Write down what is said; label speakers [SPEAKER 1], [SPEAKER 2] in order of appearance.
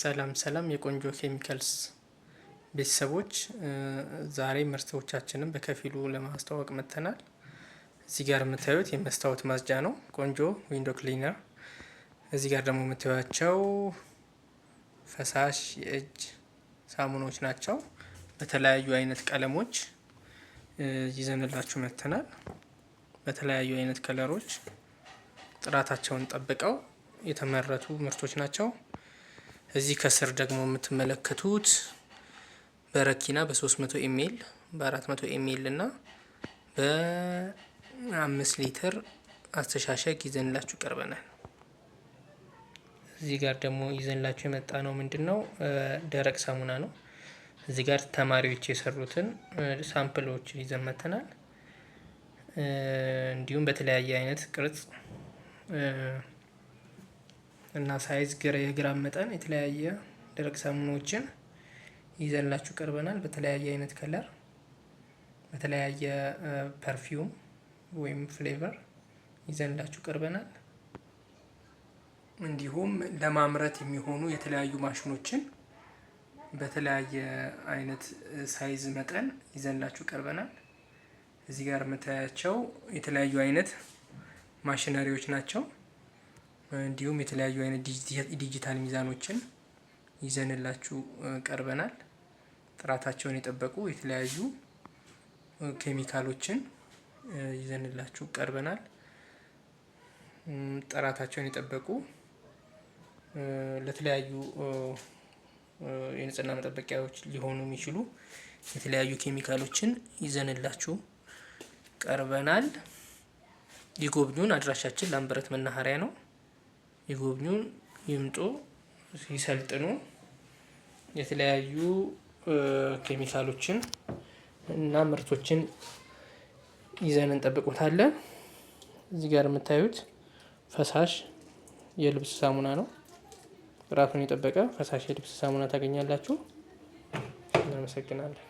[SPEAKER 1] ሰላም ሰላም የቆንጆ ኬሚካልስ ቤተሰቦች ዛሬ ምርቶቻችንን በከፊሉ ለማስተዋወቅ መጥተናል። እዚህ ጋር የምታዩት የመስታወት ማጽጃ ነው፣ ቆንጆ ዊንዶ ክሊነር። እዚህ ጋር ደግሞ የምታዩቸው ፈሳሽ የእጅ ሳሙናዎች ናቸው። በተለያዩ አይነት ቀለሞች ይዘንላችሁ መጥተናል። በተለያዩ አይነት ከለሮች ጥራታቸውን ጠብቀው የተመረቱ ምርቶች ናቸው። እዚህ ከስር ደግሞ የምትመለከቱት በረኪና በ300 ኤሜል በ400 ኤሜል እና በአምስት ሊትር አስተሻሸግ ይዘንላችሁ ቀርበናል። እዚህ ጋር ደግሞ ይዘንላችሁ የመጣ ነው ምንድን ነው ደረቅ ሳሙና ነው። እዚህ ጋር ተማሪዎች የሰሩትን ሳምፕሎች ይዘን መተናል። እንዲሁም በተለያየ አይነት ቅርጽ እና ሳይዝ የግራም መጠን የተለያየ ደረቅ ሳሙናዎችን ይዘንላችሁ ቀርበናል። በተለያየ አይነት ከለር፣ በተለያየ ፐርፊውም ወይም ፍሌቨር ይዘንላችሁ ቀርበናል። እንዲሁም ለማምረት የሚሆኑ የተለያዩ ማሽኖችን በተለያየ አይነት ሳይዝ መጠን ይዘንላችሁ ቀርበናል። እዚህ ጋር የምታያቸው የተለያዩ አይነት ማሽነሪዎች ናቸው። እንዲሁም የተለያዩ አይነት ዲጂታል ሚዛኖችን ይዘንላችሁ ቀርበናል። ጥራታቸውን የጠበቁ የተለያዩ ኬሚካሎችን ይዘንላችሁ ቀርበናል። ጥራታቸውን የጠበቁ ለተለያዩ የንጽህና መጠበቂያዎች ሊሆኑ የሚችሉ የተለያዩ ኬሚካሎችን ይዘንላችሁ ቀርበናል። ሊጎብኙን። አድራሻችን ላምበረት መናኸሪያ ነው። ይጎብኙን፣ ይምጡ፣ ሲሰልጥኑ የተለያዩ ኬሚካሎችን እና ምርቶችን ይዘን እንጠብቆታለን። እዚህ ጋር የምታዩት ፈሳሽ የልብስ ሳሙና ነው። ራሱን የጠበቀ ፈሳሽ የልብስ ሳሙና ታገኛላችሁ። እናመሰግናለን።